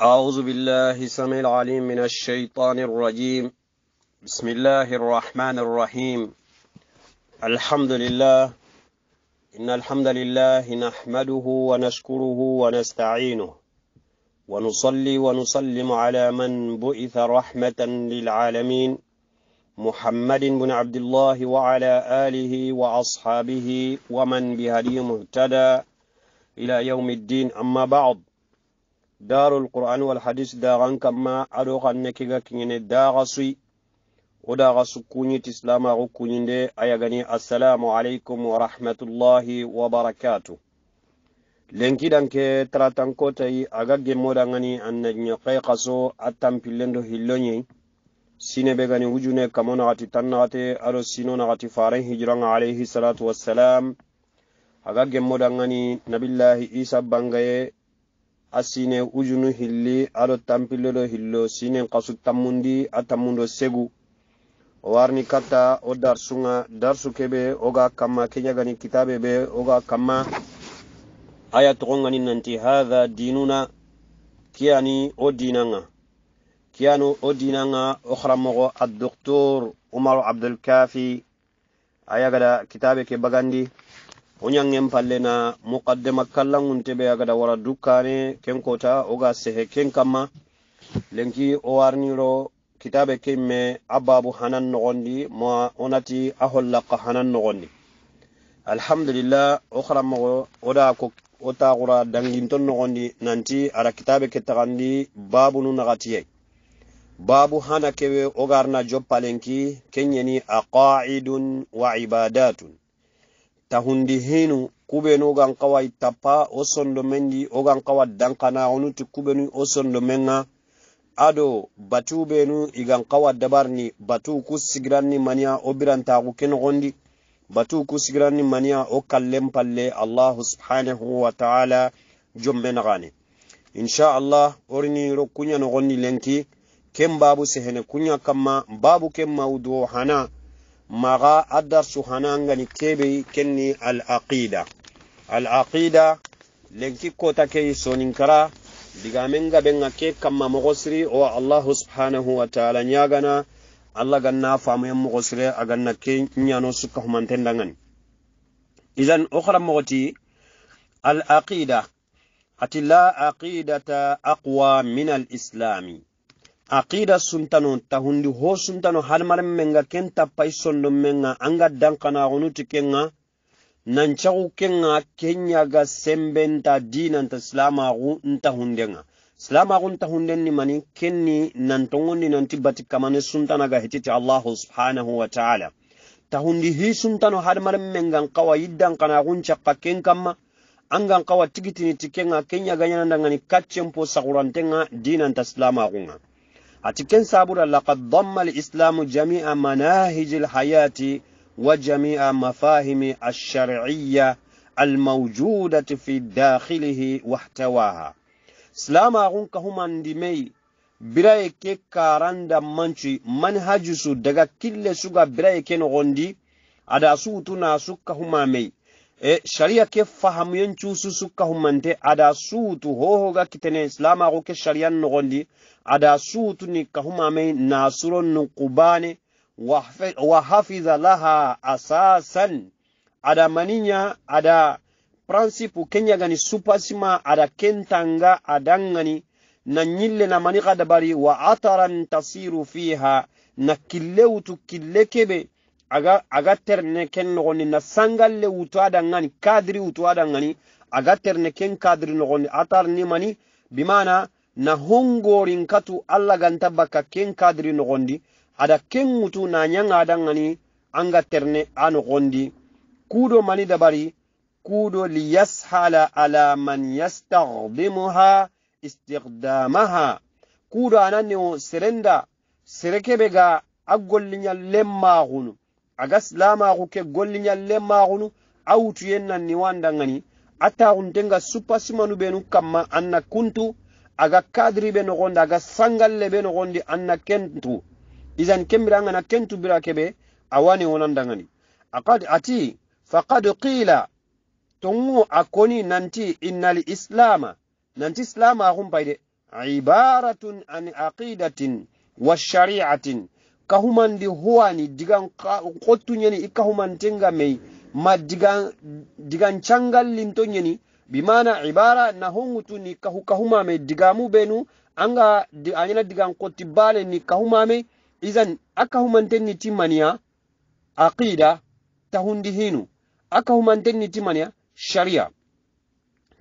أعوذ بالله سميع العليم من الشيطان الرجيم بسم الله الرحمن الرحيم الحمد لله إن الحمد لله نحمده ونشكره ونستعينه ونصلي ونسلم على من بعث رحمة للعالمين محمد بن عبد الله وعلى آله وأصحابه ومن بهديه مهتدى إلى يوم الدين أما بعد darul qur'an wal hadis dagan kamma ado xanne kega kiŋene daxa suyi wo daxa su kuɲiti silamaxu kuɲinde a yagani assalamu alaikum warahmatullahi wabarakatu lenkidanke taratankotayi aga na annaɲe xei xaso a tampillendo hilloɲei sine be gani wujune kamo naxati tan naxate ado sino naxati faren hijiranga alaihi salatu wassalam aga gemmodangani nabillahi isa bangaye asine ujunu hilli ado tampilolo hillo sinen kasu tammundi a tammundo segu o warni katta o darsunga darsu kebe oga kamma kenyagani kitabe be oga kamma aya togongani nanti hadha dinuna kiyani o dinanga kiyanu o dinanga o haramogo addoktor umaru abdulkafi ayagada kitabe ke bagandi wo ñangen pallena mukaddema kallanŋunteɓe agada wara dukkane kenkota oga sehe ken kamma lenki o warniro kitabe kemme ababu hanan nogondi ma onati a hollaqa hanan nogondi alhamdulillah o xaranmogo oda ko o taxura danginton nogondi nanti ara kitabe ke taxandi babunu naxatiye babu hana kewe ogarna joppalenki kenɲeni aqaidun wa ibadatun tahundi hinu kubenu ogan kawa itappa wo mendi menji ogan kawa dankana onuti kubenu wo sondo menga ado batu benu igan kawa dabarni batu ku sigiranni ta ku birantaku kenogondi batu ku sigiranni mania o kallen palle allahu subhanahu wa taala jombe nagane insha allah orini ro kunya nogondi lenki kem babu sehene kunya kama babu kem maudu hana maga adarsu ni kebe kenni al aqida lenki kota ke kara diga menga benga ke kamma mogosiri o allahu subhanahu wa taala nyagana allah ganna famu famuyen mogosire aganna ke nyano sukka humanten dangani idan okhra mogoti al aqida la aqidata aqwa min islami aqida suntano ta hundi ho suntano halmaren menga ken tappai sondo menga anga dankanaxunuti kenga nancaxu kenga kenyaga sembenta dinanta silamaxu nta hundenga silamaxu nta hunden ni mani kenni nantongondi nanti bati kamane suntanaga hetiti allahu subhanahu wa taala tahundi hi suntano hadamaren mengan yi yiddankanaxun cakka ken kamma angan kawa tigitini ti kenga kenyaga ɲanandangani kaccen po saxurantenga dinanta silamaxunga a cikin sabura laqad dhamma al-islamu jami'a manahij al-hayati wa jami'a mafahimi ash-shar'iyya al-mawjudati fi dakhilihi wa ihtawaha islam gun ka human dimai biraye ke karan da manci su daga kille suga biraye ke gondi ada su tuna su e sharia ke fahamuyen cusu sukka humante ada suutu hohoga kitene islamaxu ke shariyan noxondi ada suutu ni kahumamei nasuro nuqubane wa hafiza laha asasan ada maninya ada pransipu kenyagani supasima ada kentanga adangani na nyille na mani gadabari wa ataran tasiru fiha na killewutu kebe aga aga terne ken nogoni na sangalle ada ngani kadri ada ngani aga terne ken kadri nogoni atar ni mani bimana na hongorin katu alla ganta baka ken kadri gondi ada ken wutu na nyanga ngani anga terne a gondi kudo mani dabari kudo liyashala ala man yastaghdimuha istighdamaha kudo anani o serenda serekebega ga a golliñal hunu. agas lamaxu ke golliñallen maxunu a wutuyen nan ni wandangani a taxuntenga suppasimanu benu kamma an na kuntu aga kadri be noxondi aga sangalle be noxondi an na kentu izan kembira ngana kentu bira kebe awani wonandangani aqad ati faqad qila tongu akoni nanti innal islama nanti islama axunpay de ibaratun an aqidatin wa shari'atin kahumandi huwani digan nyani qottunyani ikkahumantenga mei ma digan digan nyani bimana ibara na ni kahu kahuma mei digamu benu anga di, anyana digan qotti bale ni kahuma mei izan akkahumantenni timmaniya aqida tahundi hinu akkahumantenni timmaniya sharia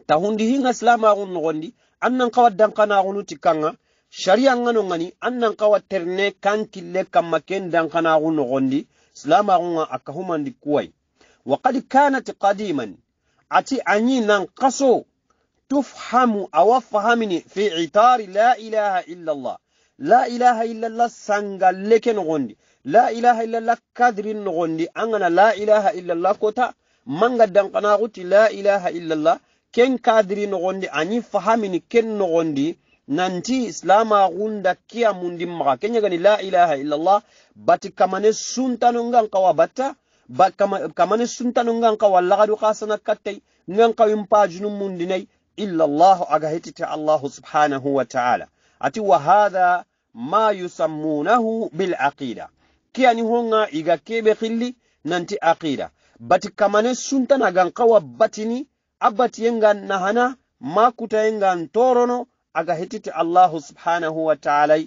tahundi hinga silamaxun noxondi an nan xawa danxanaxunu ti kanga shari'a ngano ngani annan kawa terne kantile kama kendan kana kuno gondi silama kunga akahuma ndi kuwai wa kadi kanat qadiman ati anyi nan kaso tufhamu awafahamini fi itari la ilaha illa Allah la ilaha illa Allah sanga leke ngondi la ilaha illa Allah kadri ngondi angana la ilaha illa Allah kota manga dan kana la ilaha illa Allah ken kadri ngondi anyi fahamini ken ngondi nanti silamaxunda kiyamundinmaxa kenyegani la ilaha illallah bati kamane suntano ngan kawa batta ba kama, kamane suntano ngan kawa laxadu xa sana kattay ngan kawin pajunu mundinay illallahu aga hetite allahu subhanahu wa taala ati wa hadha ma yusammunahu bil bilaqida kiyani honga iga kebe xilli nanti aqida bati kamane suntana gan kawa batini abati yenga nahana ma kutayengan torono aga hititi allahu subhanahu wa ta'ala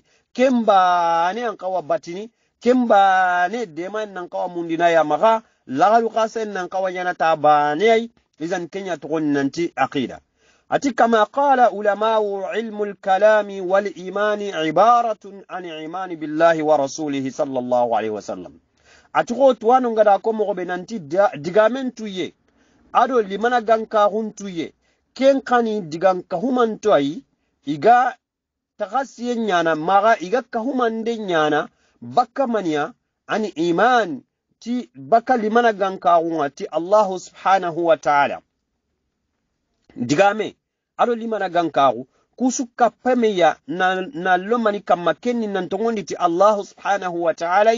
ne an kawa batini de man nan kawa mundina ya maga lagalu qasen nan kawa yana ta ba ai izan kenya tukun nanti aqida ati kama qala ulamau ilmu kalam wal imani ibaratun an iman billahi wa rasulihi sallallahu alaihi sallam ati ko tuwanu ngada ko mo be nanti digamen tuye ado limana ganka ye ken kani digan kahuman iga takasiye nyana maga iga kahumande nyana baka mania ani iman ti baka limana gankaxunga ti allahu subhanahu wa taala digame ado limana gankaxu kusu kappemeya na, na lomani kamma kenni nantogondi ti allahu subhanahu wa taala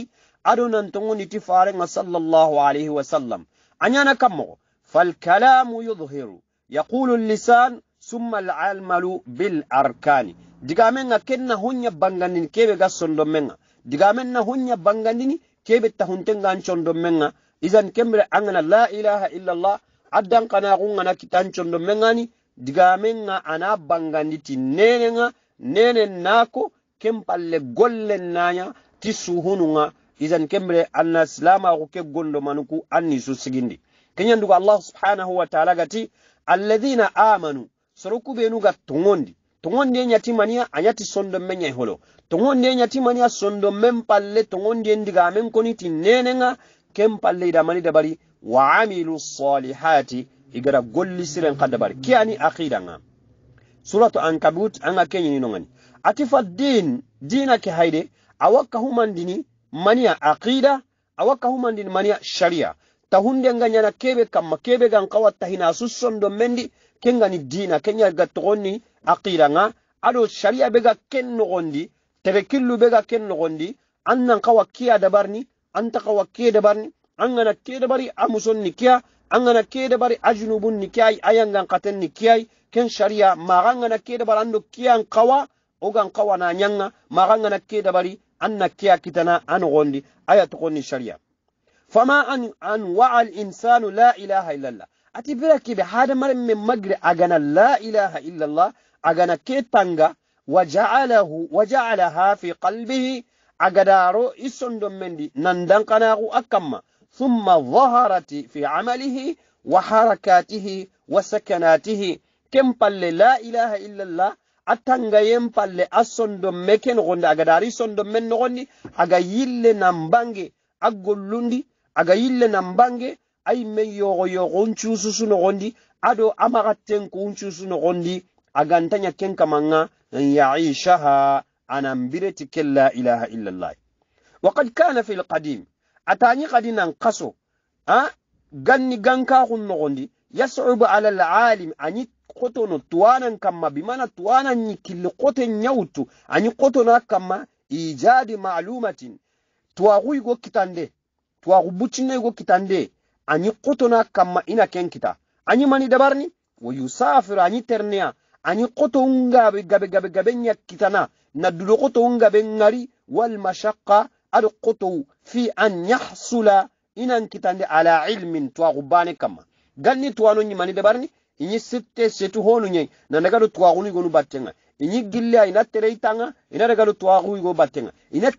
ado nantogondi ti farenga sallallahu alaihi wasallam a ñana kammoxo falkalamu yudhiru yaqulu lisan summa alamalu bil arkani digamen ga kenna hunya bangandini kebe ga sondo menga digamen hunya bangandini kebe tahuntenga anchondo menga izan kembre angana la ilaha illallah addan kana kungana kitanchondo mengani digamen ga ana banganditi nenenga nenen nako kempalle gollen naya ti izan kembre anna silama ko ke gondo manuku anni su sigindi kenyandugo allah subhanahu wa ta'ala gati alladhina amanu soroku benu ga tongondi tongondi yatimaniya a yati sondo men yay holo togondi en yatimaniya sondo men palle togondi en diga men koni ti nenenga ken palle idamani dabari wa amilu salihati igara golli siren ka dabari ke ani aqidanga suratu ankabut anga kenyini nino ngani atifa din dina ke haide awakka humandini mania aqida awakka humandini mania sharia tahunde nganyana kebe kama kebe gankawa tahina susondo mendi kengani dina kenya ga togonni aqida nga ado sharia be ga ken nogondi tebe killu be ga ken nogondi annan kawa kiya dabarni anta kawa kiya dabarni an gana ke dabari amuson ni kia an gana ke dabari ajnubun ni kia ayan gan katen ni kia ken sharia ma gana ke dabari ando kiyan kawa o gan kawa na nyanga ma gana ke dabari anna kiya kitana an gondi aya to konni sharia fama an an wa al insanu la ilaha illallah ati bira kibe hada mar me magre agana la ilaha illa allah agana ke tanga waja'alahu waja'alaha fi qalbihi agadaro isondo mendi nandan kanaku akamma thumma dhaharati fi amalihi wa harakatihi wa sakanatihi kem palle la ilaha illa allah atanga yen palle asondo meken gonde agadari sondo men nogondi aga yille nambange agollundi aga yille nambange ay men yogo yogo ncuususu nogondi ado amagatten ku ncuusu nogondi agantanya ken kamanga an yaishaha anan bireti ken la ilaha illallah wakad kana fi lqadim atani kadinan kaso a ganni gankakun nogondi yasubu ala alalim ani kotono tuwanan kamma bimana tuwanan ni killi koten yawtu ani kotona kamma ijadi malumatin tuwaku igo kitande tuwaku bucinna igo kitande anyi kotona kamma ina ken kita anyi mani dabarni wa yusafiru anyi terneya anyi qoto ngabe gabe gabe gabe nya na dulo qoto ngabe ngari wal mashaqqa al qoto fi an yahsula inan kitande ala ilmin tuwa gubane kamma ganni tuwano nyi mani dabarni inyi sitte setu honu nyai na nagado tuwaguni gonu battenga inyi gilla ina tere itanga ina go battenga ina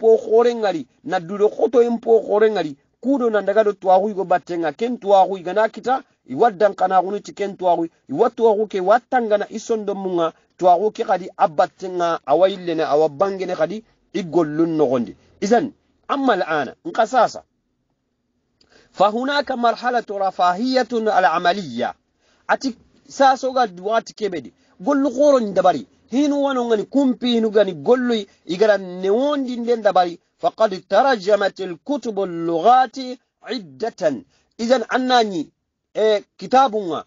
khore ngari na dulo khore ngari kudo na daga do tuwaku go batenga ken tuwaku igana kita iwaddan kana gunu ci ken tuwaku iwattu waku ke wattangana isondo munga tuwaku ke kadi awaille na awa bangene kadi igollun nogondi izan amma al'ana nka sasa فهناك مرحلة رفاهية العملية أتي ساسوغا دوات كبدي قل قورن dabari. hinu wanongani kumpi hinu gani golloy igara newondi nden dabari faqad tarajamat alkutubu allugati iddatan idan annañi e kitabunga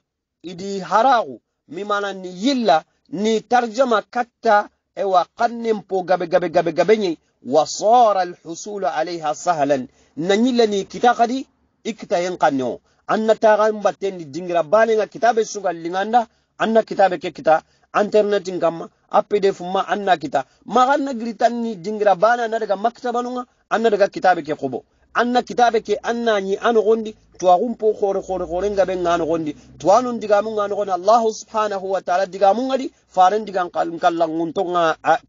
idi haragu mimana ni yilla ni tarjama katta e wa kannen po gabe gabe gabe gabe ñe wa sara alhusulu alayha sahlan na yilla ni kita ikita yen kanne o annatagan battendi dingira banenga kitabe sugal linganda anna kitabe ke kita internetin kamma appede fumma anna kita maganna giritanni dingira bana na daga maktabanunga anna daga kitabe ke qubo anna kitabe ke anna ni anu gondi tuwagun po khore khore khore nga ngano gondi tuwanun digamu ngano gondi Allah subhanahu wa ta'ala digamu ngadi faran digan kalun kallan ngunto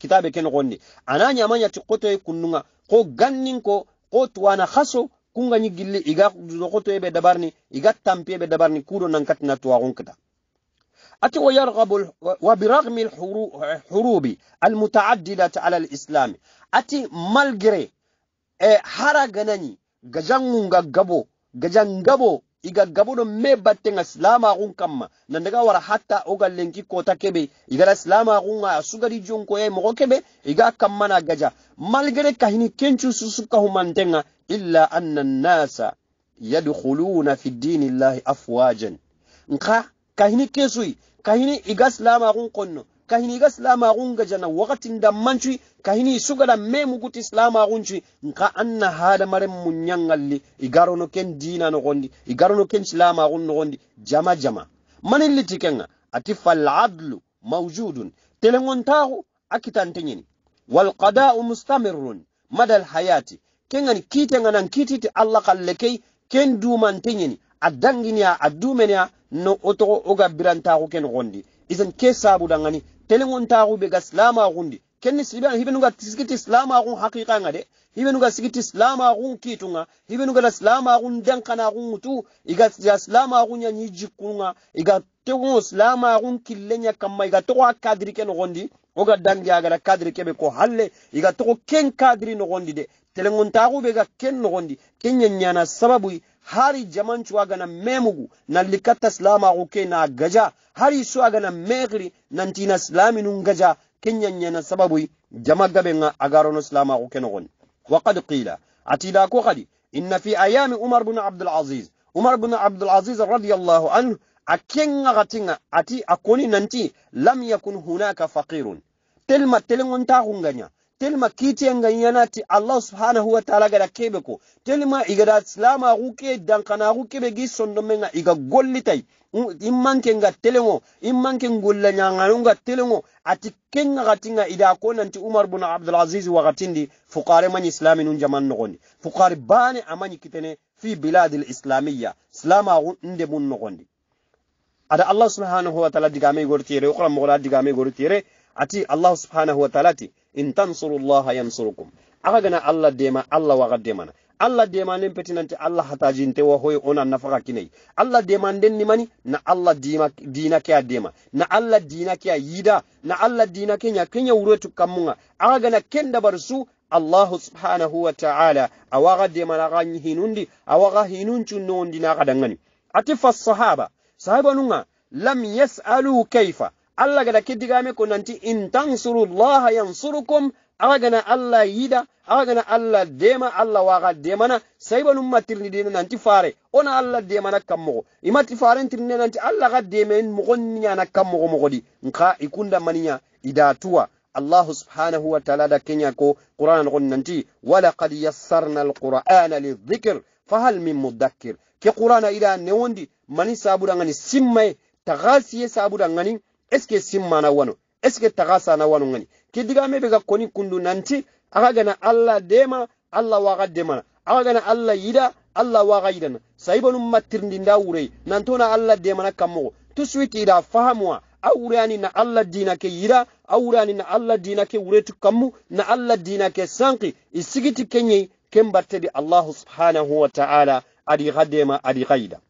kitabe ke gondi ananya manya tikoto e kununga ko gannin ko ko tuwana khaso kunga ni iga zokoto ebe dabarni iga tampi ebe dabarni kudo nan katina tuwagun ati wa yarghabu أتي ويرغب وبرغم الحروب المتعددة على الإسلام أتي مالجري حرقنني gajangunga gabo gajangabo iga gabo no me battenga islama gun kamma nandaga wara hatta oga lenki kota kebe iga islama gun a sugari jonko e mo kebe iga kamma na gaja malgre kahini kencu susuka humantenga illa anna nasa yadkhuluna fi dinillahi afwajan nka kahini kesui kahini iga silamaxun qonno kahini iga silamaxun gajana waxatin dammancui kahini sugada memuguti silamaxuncui nka hada mare hadamaren igaro no ken dina igaro no ken no noxondi jama jama manin liti kenga ati faladlu mawjudun akitan a wal walqada'u mustamirun madal hayati kengani nan kititi allah kallekei ken dumanteɲeni a danginiya a dumeniya no wo togo wo ga birantaxu ken xondi isan ke sabudangani telengontaxu be ga silamaxundi kenni hibenuga sigiti silamaxun haqiqanga de hibenuga sigiti silamaxun kitunga hibenugada silamaxun denkanaxun ŋutu iga silamaxun ɲi jikkunga iga tego silamaxun killeya kamma iga togo a kadiri ke noxondi woga dangi agada kadiri kebe ko halle iga togo ken kadiri noxondi de telengontaxu be ga ken noxondi ken ɲaɲana sababui hari jamanchu gana memugu likata slama uke na gaja hari su agana megri nantina silami nun gaja kenya nyana sababu jama gabe nga agarono slama uke nogon وقد قيل عتيلا كوخدي إن في أيام عمر بن عبد aziz umar بن عبد العزيز رضي الله عنه أكين غتين أتي أكوني ننتي لم يكن هناك فقير تلما تلنغن hunganya telma kitiyenga yanati allah subhanahu wa taala gada kebe ko telma igada silamaxu ke dankanaxu gison gi sondomenga iga gollitay in mankenga telengo in manke ngulla ñanganunga telengo ati kenga xatinga ida ko nanti umar bun abdulaziz waxatindi fukare mañi islami nun jaman noxondi fukari bane amañi kitene fi biladi lislamiya silamaxu ndemun noxondi ada allah subhanahu wa taala digame igortiyere oxra moxola digame gortire. ati allah subhanahu wa taala ti in tansurullaha yansurukum aka gana allah dema allah gadde mana allah demanen petinanti allah jinte wa hoye ona nafaka kinai allah ni mani na allah dima, dina ke dema na allah dina ke yida na allah dina kenya kenya wuretu kamunga aka gana kenda barsu Allah subhanahu wa taala awaga demana aga hinundi awaga chunno ndina kadangani ati fas sahaba sahaba nunga lam yasalu kaifa allah gada kiddigame ko nanti in tan yan yansurukum awa gana allah yida awa gana allah dema allah waga demana sayba num ni dina nanti fare ona allah dema demana kammogo imati farentirine nanti allah ga na mogonniyana kammogo di. nka ikunda maniya idatuwa allahu subhanahu wa taala da kenya ko qur'ana nogon nanti qad yassarna alqur'ana lidhikr fahal min mudakkir ke qur'ana ida newondi mani sabudangani simmaye tagasiye ngani eske simmana wano eske na wano ngani me be ga koni kundu nanti aga gana allah dema allah ga dema aga gana allah yida allah ga yida sayibonu mattirndi nda wurey nantona allah demana kammogo tusuiti ida fahamuwa awurani na allah dina ke yira awurani na allah dina ke wuretu kammu na allah dina ke sanki isigiti kenye kembarte di Allah subhanahu wa ta'ala adi gadema adi gaida yida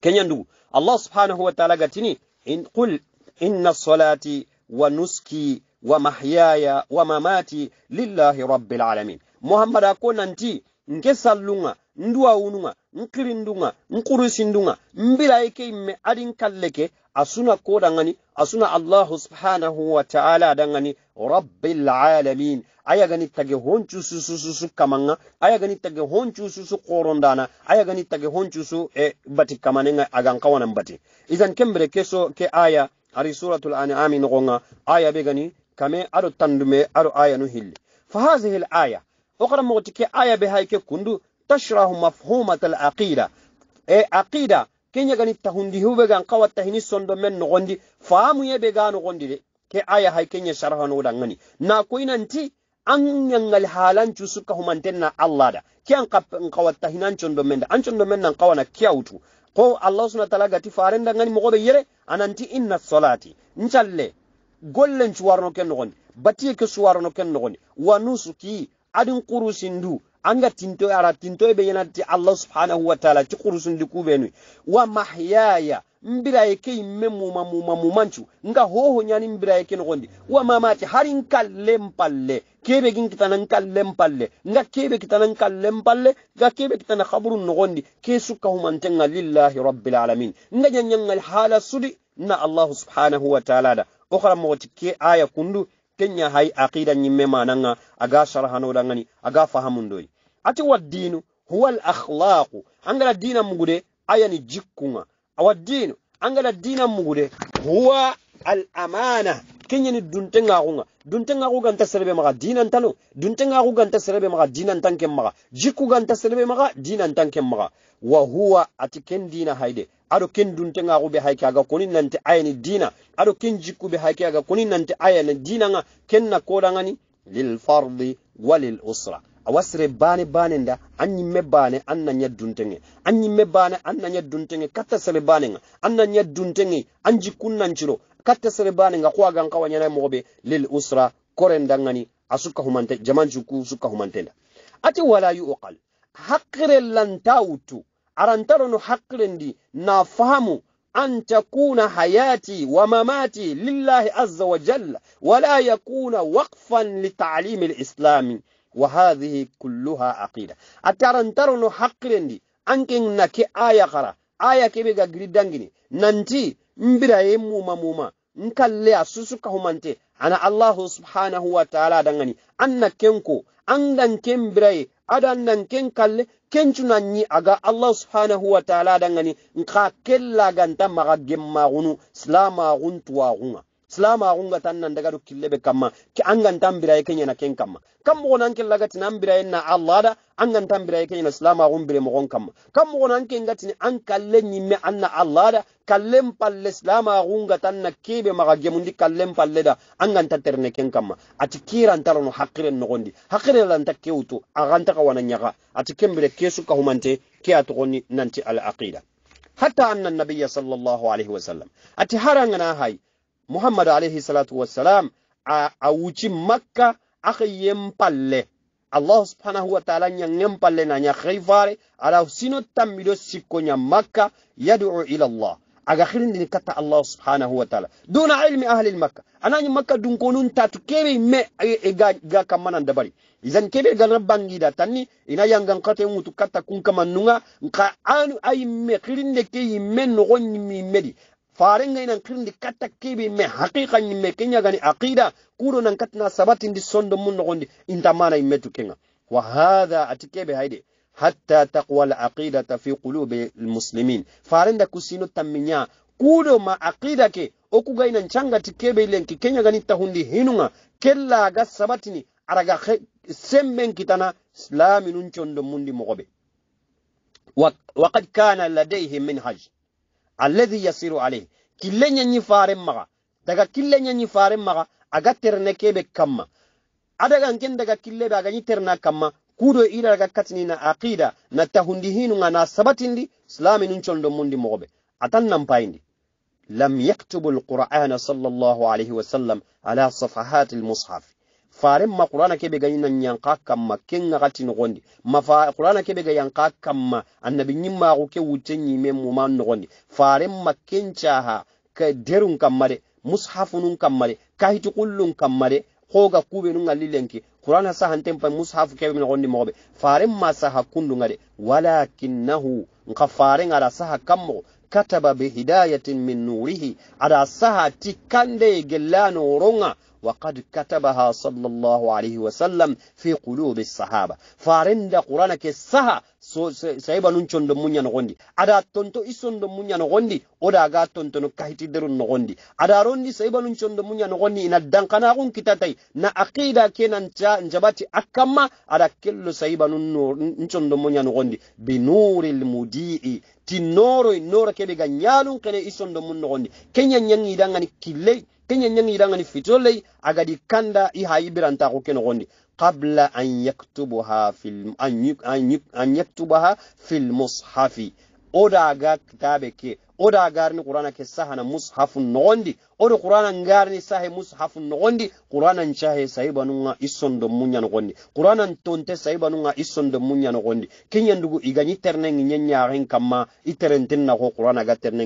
kenyandugu allah subhanahu wa ta'ala gatini in qul inna salati wa nuski wa mahyaya wa mamati lillahi rabbil alamin muhammada ko nanti nke sallunga ndunga nkirindunga nkurusindunga nbilaye yake imme adin kalleke asuna ko dangani asuna allah subhanahu wa ta'ala dangani rabbil alamin aya gani tage honchu su su su kamanga aya gani tage honchu su su korondana aya gani tage honchu su e bati kamanenga agan kawanan bati idan kembere keso ke aya ari suratul an'ami nogonga aya be gani kame ado tandume ado aya no hilli fa hazihi al aya okara motike aya be hayke kundu tashrahu mafhumat al aqida e aqida kenya gani tahundi huwe gan qawa tahini sondo men nogondi faamu yebe gan nogondi de ke aya hay kenya sharha no dangani na ko inanti an yangal halan chusuka humantenna Allah da kiyan qawatta hinan condo men da an chondo men nan qawana kiyautu ko allah subhanahu wa ta'ala gati da ngani mo yere ananti inna salati nchalle gollen ci warno ken nogoni batiye ke warno ken nogoni wa nusuki adin qurusindu anga tinto ara tinto e be ti allah subhanahu wa ta'ala ci qurusun dikubenu wa mahyaya mbira yake e imme mamu mamu manchu nga hoho nyani mbira yake e nogondi wa mamati harin kallempalle kebe gin kitana kallempalle nga kebe kitana kallempalle ga kebe kitana khaburun nogondi ke sukka humantenga lillahi rabbil alamin nga nyanyangal hala sudi na allah subhanahu wa ta'ala da okhara mo ke aya kundu kenya hai aqida nyimema nanga aga sharhano dangani aga fahamun doyi ati waddinu huwa al akhlaqu angala dina mugude aya ni jikkunga awaddinu angala dina mugude huwa al amana kenyani dunte ngaxunga dunte ngaxu ganta serebe dinan tanu dunte ngaxu ganta serebe maga dinantan ken maga jikku ganta serebe maga dinantan ken maga wa huwa ati ken dina haide ado ken duntenga ngaxu be hayke aga koni aya ayani dina ado ken jikku be haike aga koni ni dina dinanga ken na lil lilfardi wa lil usra awasire bane bane nda anyimme bane anna nya duntenge anyimme bane anna nya duntenge katta sele bane nga anna nya duntenge anji kunnan ciro katta sele bane nga kwa gan kawanya na mobe lil usra koren dangani asuka humante jaman juku suka humantenda ati wala yuqal haqqire lan tautu arantaro no haqirendi na fahamu an takuna hayati wa mamati lillahi azza wa jalla wala yakuna waqfan li ta'limi al-islami wa hadhihi kulluha aqida atarantarono hakkirendi anken nake aya kara aya kebe ga giri dangini nanti mbiraye muma muma nkalle a susuka humante ana allahu subhanahu wa taala dangani anna kenko andan ken biraye nan ken kalle kencunanyi aga allah subhanahu wa taala dangani nka kella ganta maga guntu wa guma. silama gunga tan nan daga dukkille be kamma ke an gantan biraye kenyana yana ken kamma kam mo nan kin lagati nan bira Allah da an gantan biraye kenyana yana silama gun bire mo gon kamma kam mo nan kin gati an kalle ni me anna Allah da kallen palle silama gunga tan na kebe maga gemundi kallen palle da an ganta tatterne ken kamma ati kiran tarono hakiren n'u gondi hakiren lan takke utu agan taka wanan yaga ati kembire kesu ka humante ke atoni nanti al aqida hatta anna nabiyya sallallahu alaihi wasallam ati harangana hay muhammad alayhi salatu wassalam awuchi makka akhayen palle allah subhanahu wa taala ñangen palle na ña khayfare ala sino tamido sikko ña makka yad'u ila allah aga hirindini katta allah subhanahu wa taala duna ilmi ahli makka anañi makka dunkonun tatu kebe me e, e, ga, ga kammanan dabari izan keɓe gana bangida tanni ina yangan kate ŋutu katta kun kamannuga nka anu a yimme hirinde ke yimme nogon yimmedi farenga ina kirndi katta kibi me haqiqa ni me kenya gani aqida kudo nan katna sabati ndi sondo mun nogondi intamana imetu kenga wa hadha atikebe haide hatta taqwa al aqida ta fi qulubi al-muslimin farenda kusino taminya kudo ma aqida ke okugaina nchanga tikebe ile kenya gani tahundi hinunga kella ga sabatini araga semmen kitana islami nun chondo mundi mogobe wa, waqad kana ladayhi min منهج alladhi yasiru alayhi kille nyanyi fare maga daga kille nyanyi faren maga aga terne kebe kamma adaga ngen daga kille be aga terna kamma kudo ila daga katini na aqida na tahundi hinu nga na sabatindi islami nun chondo mundi mogobe atan nan payindi lam yaktubu alqur'ana sallallahu alayhi wa sallam ala safahat faren ma qur'ana kebe ga yinan yanka kamma ken ga gati nogondi ma fa qur'ana kebe ga yanka kamma annabi nyimma ko ke wuten nyime mu man nogondi faren ma kencha ha ka derun kammare mushafunun kammare kahitu kullun kammare hoga kuɓe nu gallilenki qur'ana sahanten pa mushafu keɓe min gondi mogoɓe faren ma saha kundu gade walakinnahu nka faren aɗa saha kammogo kataba bihidayatin min nurihi aɗa saha ti kande gellano ronga وقد كتبها صلى الله عليه وسلم في قلوب الصحابة فارند قرآنك السها سيبا ننشن دمونيا نغندي أدا تنتو إسن دمونيا نغندي أدا أغا تنتو نكهت درون نغندي أدا روندي سيبا ننشن دمونيا نغندي إن الدنقنا غن كتاتي نا أقيدا كينا نجباتي أكما أدا كل سيبا ننشن دمونيا نغندي بنور المديء tinoro inora kebe ganyalun kene isondo mun nogondi kenya nyangi idangani kilei kenyenyang idangani fitolei agadi kanda ihaibira ntako kenogondi qabla an yaktubuha fil an yaktubaha fil mushafi oda aga kitabe ke oda garni qur'ana ke sahana mushafun nondi odo qur'ana ngarni sahe mushafun nondi qur'ana nchahe ison do munya nogondi qur'ana ntonte ison do munya nogondi kinyandugu iganyi terne ren kama iterenten na ko qur'ana ga terne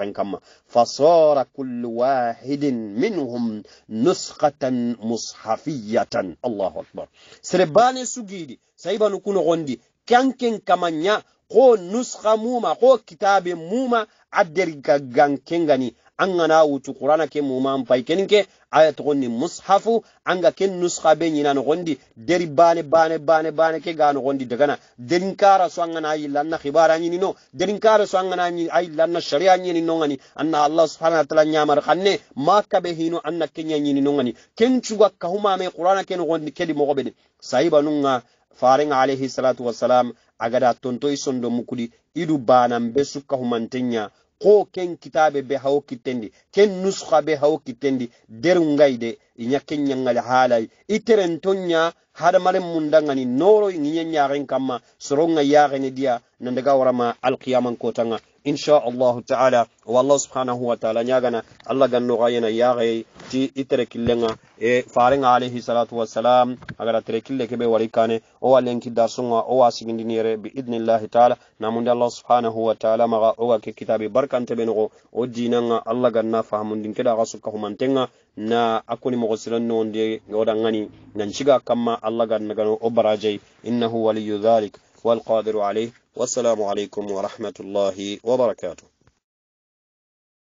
ren kama fasara kullu wahidin minhum nusqatan mushafiyatan allahu akbar serebane sugidi sahibanu kuno gondi kanken kamanya ko nuska muma ko kitabe muma adder gaggan kengani an gana wutu qur'ana ke muma an fai keninke aya togonni mushafu an ga ken nuska be nyina no gondi deri bane bane bane bane ke ga no gondi dagana derin kara so an gana yi lanna khibara nyini no derin kara so an gana yi ay lanna sharia nyini no ngani anna allah subhanahu wa ta'ala nyamar khanne maka be hino anna kenya nyini no gani ken chuga kahuma me qur'ana ke gondi kedi mo gobe sahiba nunga farin alaihi salatu wassalam agada tonto i sondo mukudi idu banan be suka humantenya ko ken kitabe be hau kittendi ken nuskha be hawo kittendi derungayde inyakinyangal halai iterentonya hadamaren mundangani noro inyen yaren kama soronga yarene dia nandaga warama alqiyaman kotanga insha Allah ta'ala wa Allah subhanahu wa ta'ala nyagana Allah ganno gayena yare ti itere killenga e faren alayhi salatu wa salam agara tere kille kebe warikane o walenki darsunga o wasigindiniere bi idnillahi ta'ala namunde Allah subhanahu wa ta'ala maga oga ke kitabe barkante benogo o dinanga Allah ganna fahamundin keda ga humantenga na akoni mogo silannoonde ngani nan shiga kamma allah gan nagano o barajey innahu waliyu dhalik walqadiru alayhi wassalamu rahmatullahi wa barakatuh